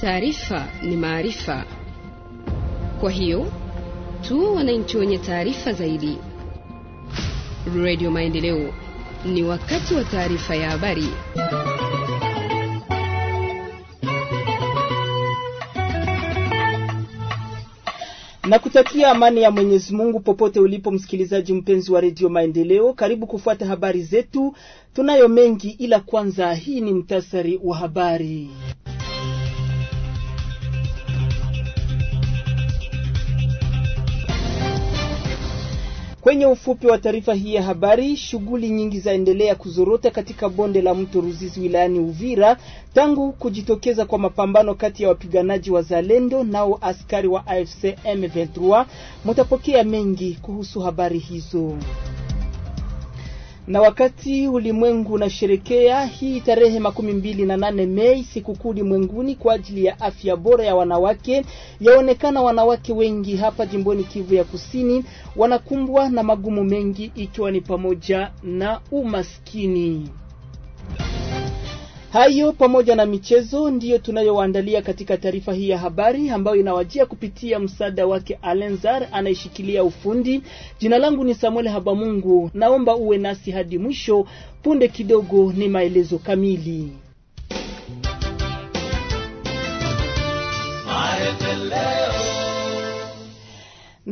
Taarifa ni maarifa, kwa hiyo tu wananchi wenye taarifa zaidi. Radio Maendeleo, ni wakati wa taarifa ya habari. na kutakia amani ya Mwenyezi Mungu popote ulipo, msikilizaji mpenzi wa redio Maendeleo, karibu kufuata habari zetu. Tunayo mengi, ila kwanza hii ni mtasari wa habari. Kwenye ufupi wa taarifa hii ya habari, shughuli nyingi zaendelea kuzorota katika bonde la mto Ruzizi wilayani Uvira tangu kujitokeza kwa mapambano kati ya wapiganaji wa Zalendo nao askari wa AFC M23. Mutapokea mengi kuhusu habari hizo na wakati ulimwengu unasherekea hii tarehe makumi mbili na nane Mei, sikukuu ulimwenguni kwa ajili ya afya bora ya wanawake, yaonekana wanawake wengi hapa jimboni Kivu ya Kusini wanakumbwa na magumu mengi, ikiwa ni pamoja na umaskini. Hayo pamoja na michezo ndiyo tunayowaandalia katika taarifa hii ya habari ambayo inawajia kupitia msaada wake Alenzar anayeshikilia ufundi. Jina langu ni Samuel Habamungu, naomba uwe nasi hadi mwisho. Punde kidogo ni maelezo kamili.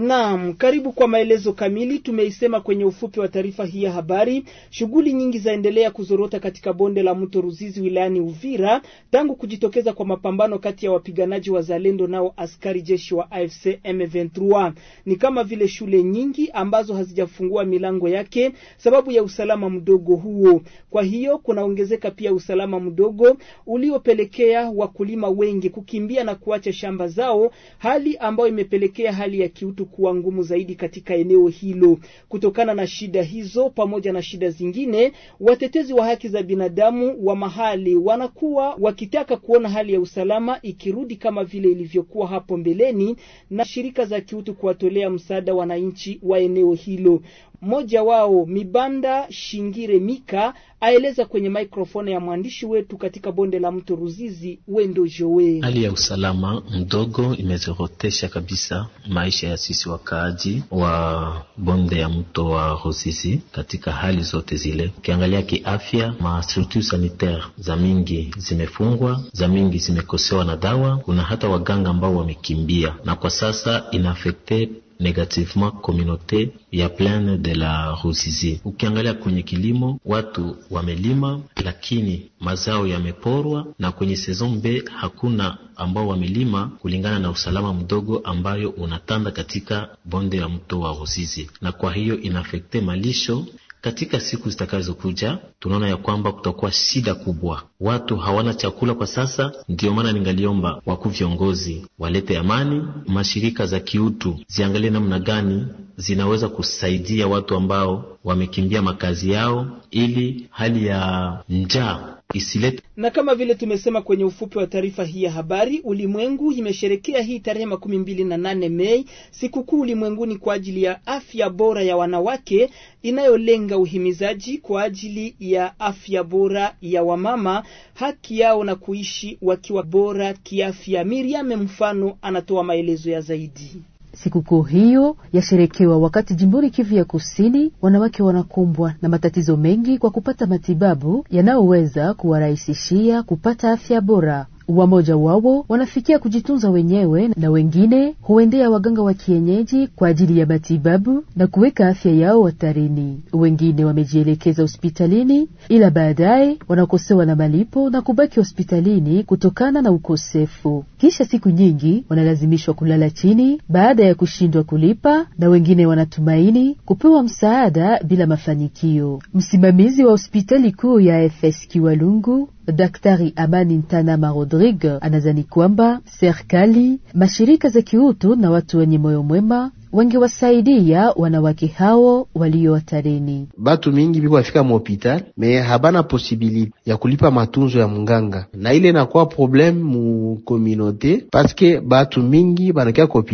Naam, karibu kwa maelezo kamili. Tumeisema kwenye ufupi wa taarifa hii ya habari, shughuli nyingi zaendelea kuzorota katika bonde la mto Ruzizi wilayani Uvira tangu kujitokeza kwa mapambano kati ya wapiganaji wa Zalendo nao askari jeshi wa AFC M23. Ni kama vile shule nyingi ambazo hazijafungua milango yake sababu ya usalama mdogo huo. Kwa hiyo kunaongezeka pia usalama mdogo uliopelekea wakulima wengi kukimbia na kuacha shamba zao, hali ambayo imepelekea hali ya kiutu kuwa ngumu zaidi katika eneo hilo. Kutokana na shida hizo pamoja na shida zingine, watetezi wa haki za binadamu wa mahali wanakuwa wakitaka kuona hali ya usalama ikirudi kama vile ilivyokuwa hapo mbeleni, na shirika za kiutu kuwatolea msaada wananchi wa eneo hilo mmoja wao Mibanda Shingire Mika aeleza kwenye mikrofoni ya mwandishi wetu katika bonde la mto Ruzizi Wendo Jowe. Hali ya usalama mdogo imezorotesha kabisa maisha ya sisi wakaaji wa bonde ya mto wa Ruzizi katika hali zote zile. Ukiangalia kiafya, mastructure sanitaire za mingi zimefungwa, za mingi zimekosewa na dawa. Kuna hata waganga ambao wamekimbia, na kwa sasa inaafekte negativement communauté ya plaine de la Ruzizi. Ukiangalia kwenye kilimo, watu wamelima, lakini mazao yameporwa, na kwenye sezon B hakuna ambao wamelima kulingana na usalama mdogo ambayo unatanda katika bonde la mto wa Ruzizi, na kwa hiyo inafekte malisho katika siku zitakazokuja tunaona ya kwamba kutakuwa shida kubwa, watu hawana chakula kwa sasa. Ndiyo maana ningaliomba wakuu viongozi walete amani, mashirika za kiutu ziangalie namna gani zinaweza kusaidia watu ambao wamekimbia makazi yao, ili hali ya njaa isilete. Na kama vile tumesema kwenye ufupi wa taarifa hii ya habari, ulimwengu imesherekea hii tarehe makumi mbili na nane Mei sikukuu ulimwenguni kwa ajili ya afya bora ya wanawake inayolenga uhimizaji kwa ajili ya afya bora ya wamama, haki yao na kuishi wakiwa bora kiafya. Miriam mfano anatoa maelezo ya zaidi. Sikukuu hiyo yasherekewa wakati jimboni Kivu ya Kusini wanawake wanakumbwa na matatizo mengi kwa kupata matibabu yanayoweza kuwarahisishia kupata afya bora. Wamoja wao wanafikia kujitunza wenyewe na wengine huendea waganga wa kienyeji kwa ajili ya matibabu na kuweka afya yao hatarini. Wengine wamejielekeza hospitalini, ila baadaye wanakosewa na malipo na kubaki hospitalini kutokana na ukosefu. Kisha siku nyingi wanalazimishwa kulala chini baada ya kushindwa kulipa, na wengine wanatumaini kupewa msaada bila mafanikio. Msimamizi wa hospitali kuu ya FS Kiwalungu Daktari Amani Ntanama Rodrigue anazani kwamba serikali, mashirika za kiutu na watu wenye moyo mwema wangewasaidia wanawake hao walio hatarini. Batu mingi biko bafika mhopital me habana posibilite ya kulipa matunzo ya munganga, na ile inakuwa probleme mu komunote paske batu mingi banakia ku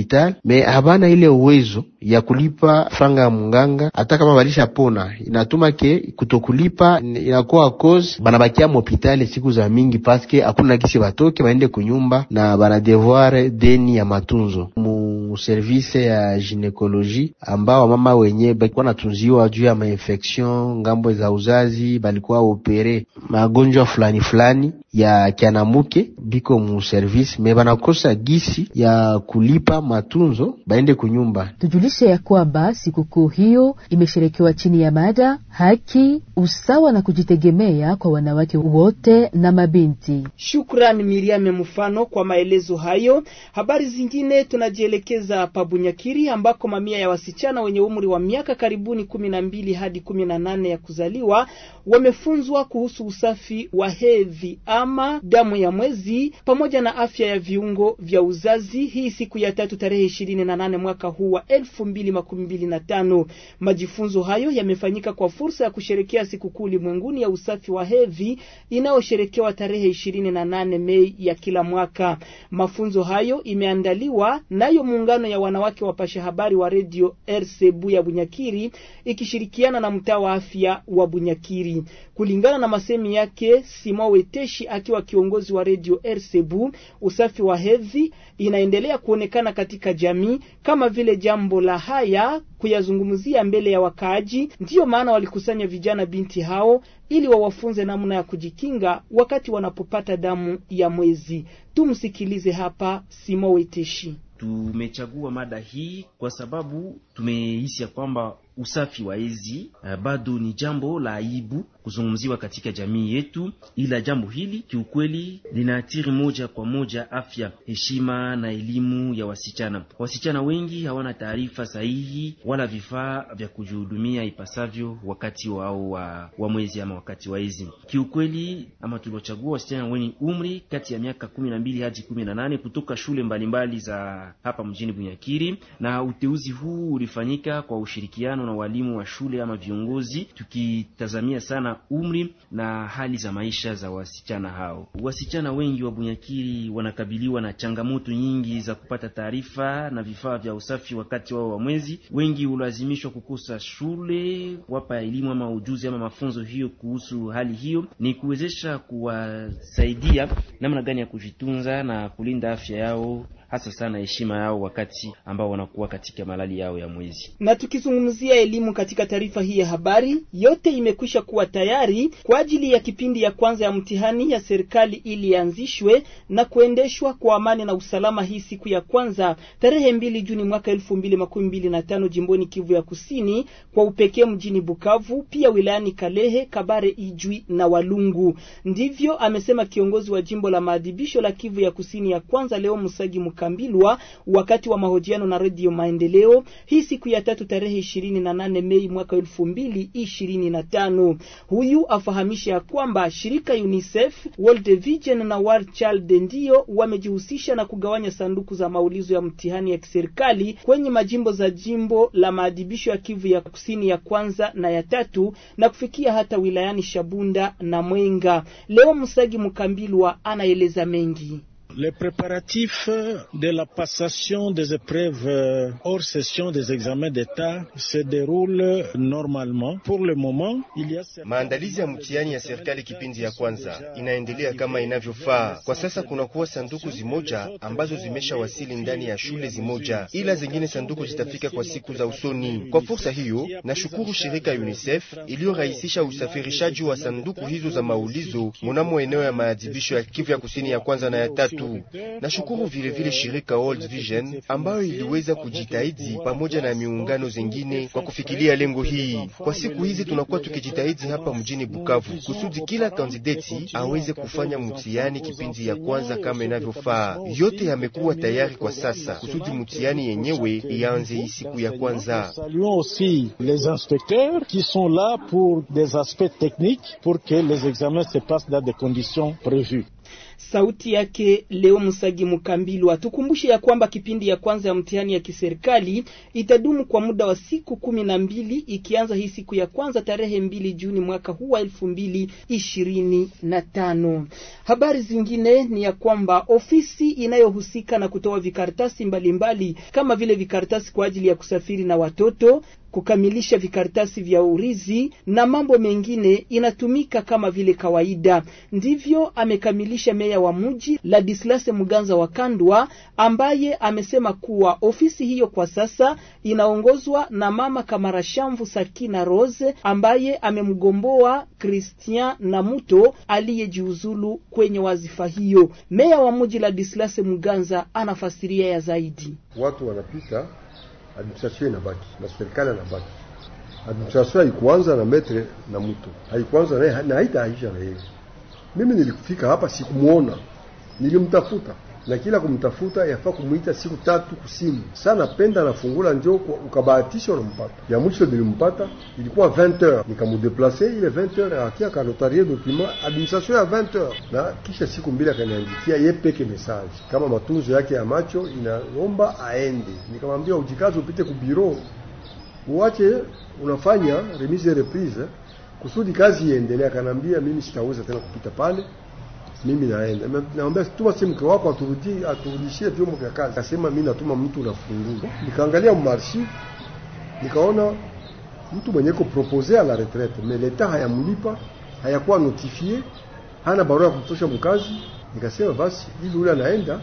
me habana ile uwezo ya kulipa franga ya munganga, hata kama balisha pona, inatuma ke kutokulipa inakuwa cause banabakia mhopitali siku za mingi, paske hakuna nakisi batoke baende kunyumba na banadevoir deni ya matunzo mu service ya ginekoloji ambao wamama wenye balikuwa natunziwa juu ya mainfection ngambo za uzazi, balikuwa opere magonjwa fulani fulani, ya kianamuke biko mu service me banakosa gisi ya kulipa matunzo baende kunyumba. Tujulishe ya kwamba sikukuu hiyo imesherekewa chini ya mada haki, usawa na kujitegemea kwa wanawake wote na mabinti. Shukrani Miriam Mfano kwa maelezo hayo. Habari zingine tunajielekeza Pabunyakiri ambako mamia ya wasichana wenye umri wa miaka karibuni kumi na mbili hadi kumi na nane ya kuzaliwa wamefunzwa kuhusu usafi wa hedhi kama damu ya mwezi pamoja na afya ya viungo vya uzazi, hii siku ya tatu tarehe 28 na mwaka huu wa 2025, Majifunzo hayo yamefanyika kwa fursa ya kusherekea sikukuu ulimwenguni ya usafi wa hedhi inayosherekewa tarehe 28 na Mei ya kila mwaka. Mafunzo hayo imeandaliwa nayo muungano ya wanawake wapasha habari wa redio RCB ya Bunyakiri ikishirikiana na mtaa wa afya wa Bunyakiri, kulingana na masemi yake Simo Weteshi akiwa kiongozi wa redio RCB, usafi wa hedhi inaendelea kuonekana katika jamii kama vile jambo la haya kuyazungumzia mbele ya wakaaji. Ndiyo maana walikusanya vijana binti hao ili wawafunze namna ya kujikinga wakati wanapopata damu ya mwezi. Tumsikilize hapa Simo Weteshi. Tumechagua mada hii kwa sababu tumehisi ya kwamba usafi wa hizi uh, eh, bado ni jambo la aibu kuzungumziwa katika jamii yetu, ila jambo hili kiukweli linaathiri moja kwa moja afya, heshima na elimu ya wasichana. Wasichana wengi hawana taarifa sahihi wala vifaa vya kujihudumia ipasavyo wakati wao wa, wa mwezi ama wakati wa hizi. Kiukweli ama tuliochagua wasichana wenye umri kati ya miaka kumi na mbili hadi kumi na nane kutoka shule mbalimbali mbali za hapa mjini Bunyakiri, na uteuzi huu ulifanyika kwa ushirikiano mfano na walimu wa shule ama viongozi, tukitazamia sana umri na hali za maisha za wasichana hao. Wasichana wengi wa Bunyakiri wanakabiliwa na changamoto nyingi za kupata taarifa na vifaa vya usafi wakati wao wa mwezi. Wengi hulazimishwa kukosa shule wapa elimu ama ujuzi ama mafunzo hiyo kuhusu hali hiyo, ni kuwezesha kuwasaidia namna gani ya kujitunza na kulinda afya yao hasa sana heshima yao wakati ambao wanakuwa katika malali yao ya mwezi. Na tukizungumzia elimu katika taarifa hii ya habari, yote imekwisha kuwa tayari kwa ajili ya kipindi ya kwanza ya mtihani ya serikali ili ianzishwe na kuendeshwa kwa amani na usalama hii siku ya kwanza tarehe mbili Juni mwaka elfu mbili makumi mbili na tano jimboni Kivu ya Kusini, kwa upekee mjini Bukavu, pia wilayani Kalehe, Kabare, Ijwi na Walungu. Ndivyo amesema kiongozi wa jimbo la maadhibisho la Kivu ya Kusini ya kwanza leo Musagi Muka Kambilwa wakati wa mahojiano na Redio Maendeleo hii siku ya tatu tarehe 28 Mei mwaka 2025. Huyu afahamisha ya kwamba shirika UNICEF, World Vision na World Child ndio wamejihusisha na kugawanya sanduku za maulizo ya mtihani ya kiserikali kwenye majimbo za jimbo la maadhibisho ya Kivu ya Kusini ya kwanza na ya tatu na kufikia hata wilayani Shabunda na Mwenga. Leo Msagi Mkambilwa anaeleza mengi. Les préparatifs de la passation des épreuves euh, hors session des examens d'État se déroulent normalement. Pour le moment, il y a... Maandalizi ya mtihani ya serikali kipindi ya kwanza inaendelea kama inavyofaa. Kwa sasa kunakuwa sanduku zimoja ambazo zimeshawasili ndani ya shule zimoja, ila zingine sanduku zitafika kwa siku za usoni. Kwa fursa hiyo, nashukuru shirika UNICEF iliyorahisisha usafirishaji wa sanduku hizo za maulizo munamo eneo ya maadhibisho ya Kivu ya kusini ya kwanza na ya tatu tu. Nashukuru vilevile shirika World Vision ambayo iliweza kujitahidi pamoja na miungano zingine kwa kufikilia lengo hii. Kwa siku hizi tunakuwa tukijitahidi hapa mjini Bukavu kusudi kila kandideti aweze kufanya mtihani kipindi ya kwanza kama inavyofaa. Yote yamekuwa tayari kwa sasa kusudi mtihani yenyewe ianze hii siku ya kwanza. Pour des aspects techniques pour que les examens se passent dans des conditions prévues. Sauti yake leo Musagi Mukambilwa. Tukumbushe ya kwamba kipindi ya kwanza ya mtihani ya kiserikali itadumu kwa muda wa siku kumi na mbili ikianza hii siku ya kwanza tarehe mbili Juni mwaka huu wa elfu mbili ishirini na tano. Habari zingine ni ya kwamba ofisi inayohusika na kutoa vikaratasi mbalimbali kama vile vikaratasi kwa ajili ya kusafiri na watoto kukamilisha vikaratasi vya urizi na mambo mengine inatumika kama vile kawaida. Ndivyo amekamilisha meya meya wa mji Ladislase Muganza wa Kandwa, ambaye amesema kuwa ofisi hiyo kwa sasa inaongozwa na mama Kamara Shamvu Sakina Rose ambaye amemgomboa Christian Namuto aliyejiuzulu kwenye wazifa hiyo. Meya wa mji Ladislase Muganza anafasiria ya zaidi. Watu wanapita, administration inabaki na serikali anabaki administration haikuanza na metre na mtu haikuanza na, na haita aisha na yeye mimi nilifika hapa sikumuona, nilimtafuta na kila kumtafuta yafaa kumuita siku tatu kusimu sana penda nafungula njo ukabahatisha unampata. Ya mwisho nilimpata ilikuwa 20h, nikamudeplace ile 20h akia kanotarie document administration ya 20h, na kisha siku mbili akaniandikia ye peke message kama matunzo yake ya macho inaomba aende. Nikamwambia ujikazi upite kubiro bureau uwache unafanya remise reprise kusudi kazi iendelee. Akaniambia mimi sitaweza tena kupita pale, mimi naenda. Naambia tuma si mke wako aturudi, aturudishie vyombo vya kazi. Akasema mimi natuma mtu nafungua. Nikaangalia marshi, nikaona mtu mwenye ko proposer la retraite mais l'etat hayamlipa, hayakuwa notifie, hana barua ya kutosha mkazi. Nikasema basi, ili ule anaenda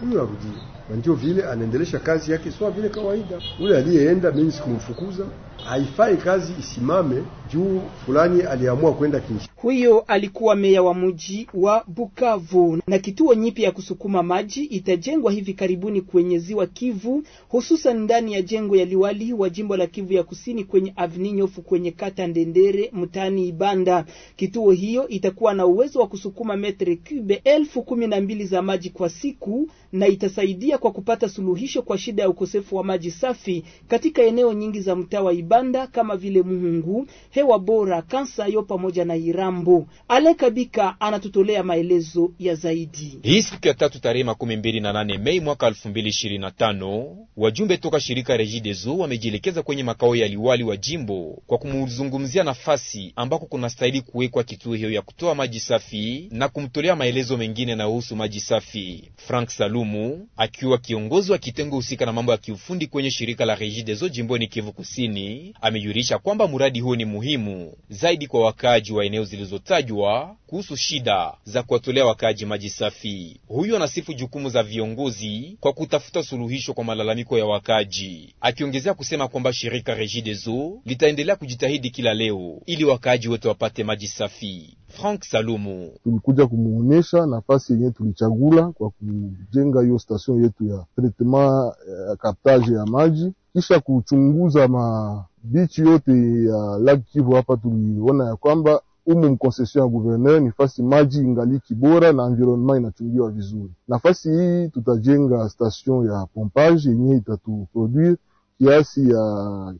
huyo arudie na ndio vile anaendelesha kazi yake, sio vile kawaida. Ule aliyeenda mimi sikumfukuza, haifai kazi isimame juu fulani aliamua kwenda kinshi. Huyo alikuwa meya wa mji wa Bukavu. Na kituo nyipya ya kusukuma maji itajengwa hivi karibuni kwenye ziwa Kivu, hususan ndani ya jengo ya liwali wa jimbo la Kivu ya Kusini kwenye avni nyofu kwenye kata Ndendere mtaani Ibanda. Kituo hiyo itakuwa na uwezo wa kusukuma metri cube elfu kumi na mbili za maji kwa siku na itasaidia kusaidia kwa kupata suluhisho kwa shida ya ukosefu wa maji safi katika eneo nyingi za mtaa wa Ibanda kama vile Muhungu, Hewa Bora, Kansayo pamoja na Irambo. Ale Kabika anatutolea maelezo ya zaidi. Hii siku ya tatu tarehe makumi mbili na nane Mei mwaka elfu mbili ishirini na tano wajumbe toka shirika Regideso wamejielekeza kwenye makao ya liwali wa jimbo kwa kumzungumzia nafasi ambako kunastahili kuwekwa kituo hiyo ya kutoa maji safi na kumtolea maelezo mengine yanayohusu maji safi. Frank Salumu aki akiwa kiongozi wa kitengo husika na mambo ya kiufundi kwenye shirika la Regideso jimboni Kivu Kusini, amejulisha kwamba mradi huo ni muhimu zaidi kwa wakaaji wa eneo zilizotajwa kuhusu shida za kuwatolea wakaaji maji safi. Huyu anasifu jukumu za viongozi kwa kutafuta suluhisho kwa malalamiko ya wakaaji, akiongezea kusema kwamba shirika Regideso litaendelea kujitahidi kila leo ili wakaaji wote wapate maji safi. Frank Salumu. Tulikuja kumuonesha nafasi yenye tulichagula kwa kujenga hiyo station yetu ya traitement ya eh, kaptage ya maji, kisha kuchunguza mabichi yote ya Lake Kivu. Hapa tuliona ya kwamba umu mkonsesion ya ni fasi maji ingaliki bora na environnement inachungiwa vizuri. Nafasi hii tutajenga station ya pompage yenye itatuproduire kiasi ya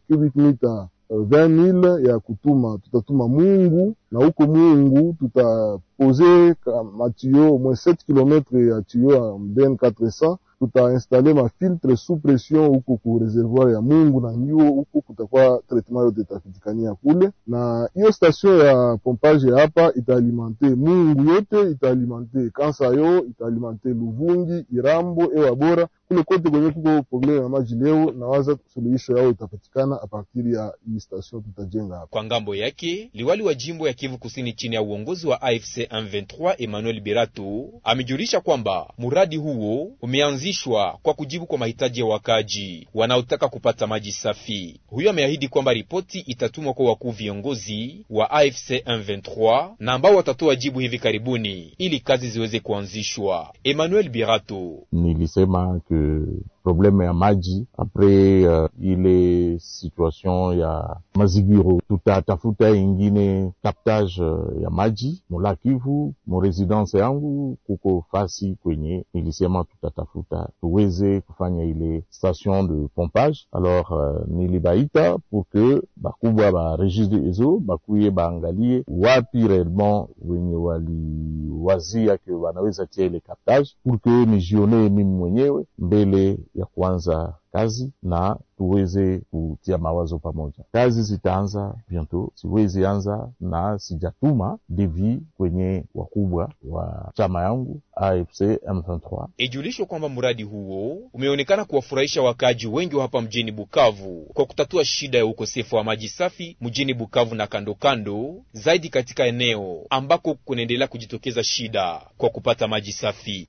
cubic eh, mita 20000 ya kutuma, tutatuma Mungu na huko Mungu tutapose matio mwe 7 km ya tuyau ya mden 400 tutainstale mafiltre sous pression huko ku reservoir ya Mungu na hiyo huko kutakuwa traitement yote itapitikania kule, na hiyo station ya pompage hapa itaalimente Mungu yote, kansa Kansayo, itaalimente Luvungi, Irambo, Ewa Bora, kule kote kwenye kuko probleme ya maji leo, na waza suluhisho yao itapatikana a partir ya hii station tutajenga hapa. Kwa ngambo yake liwali wa jimbo ya Kivu Kusini chini ya uongozi wa AFC M23 Emmanuel Birato amejulisha kwamba mradi huo umeanzishwa kwa kujibu kwa mahitaji ya wakaji wanaotaka kupata maji safi. Huyo ameahidi kwamba ripoti itatumwa kwa wakuu viongozi wa AFC M23 na ambao watatoa jibu hivi karibuni ili kazi ziweze kuanzishwa. Emmanuel Birato nilisema ke problème ya maji. après euh, il est situation ya Mazigiro, tutatafuta hein, ingine captage uh, ya maji Mulakivu. Murezidanse yangu kuko fasi kwenye nilisema tutatafuta tuweze hein. kufanya ile station de pompage. Alors euh, nilibaita pour que bakubwa ba registre ezo bakuye baangalie wapi realement wenye Wazia ke wanaweza bah, tia ile captage, pour que nijione mimi mwenyewe mbele ya kuanza kazi na tuweze kutia mawazo pamoja. Kazi zitaanza bientot, siwezi anza na sijatuma devi kwenye wakubwa wa chama yangu AFC M23. Ijulishwe kwamba mradi huo umeonekana kuwafurahisha wakaaji wengi wa hapa mjini Bukavu kwa kutatua shida ya ukosefu wa maji safi mjini Bukavu na kandokando, zaidi katika eneo ambako kunaendelea kujitokeza shida kwa kupata maji safi.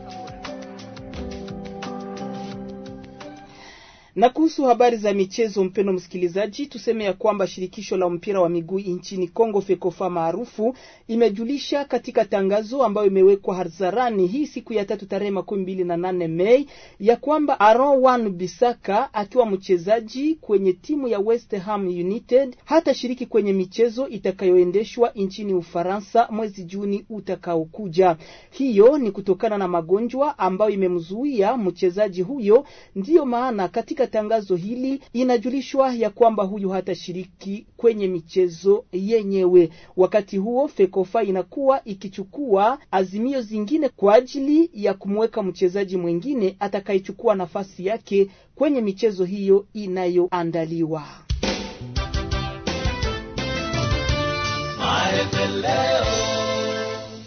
Na kuhusu habari za michezo, mpendo msikilizaji, tuseme ya kwamba shirikisho la mpira wa miguu nchini Kongo FEKOFA maarufu imejulisha katika tangazo ambayo imewekwa hadharani hii siku ya tatu tarehe makumi mbili na nane Mei ya kwamba Aaron Wan Bisaka akiwa mchezaji kwenye timu ya West Ham United hatashiriki kwenye michezo itakayoendeshwa nchini Ufaransa mwezi Juni utakaokuja. Hiyo ni kutokana na magonjwa ambayo imemzuia mchezaji huyo, ndiyo maana katika katika tangazo hili inajulishwa ya kwamba huyu hatashiriki kwenye michezo yenyewe. Wakati huo Fekofa inakuwa ikichukua azimio zingine kwa ajili ya kumweka mchezaji mwingine atakayechukua nafasi yake kwenye michezo hiyo inayoandaliwa.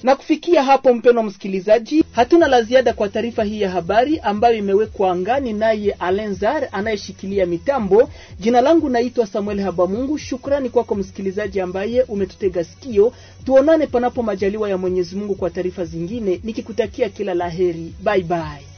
Na kufikia hapo, mpeno msikilizaji, hatuna la ziada kwa taarifa hii ya habari ambayo imewekwa angani naye Alenzar anayeshikilia mitambo. Jina langu naitwa Samuel Habamungu. Shukrani kwako msikilizaji ambaye umetutega sikio. Tuonane panapo majaliwa ya Mwenyezi Mungu kwa taarifa zingine, nikikutakia kila laheri. Bye bye.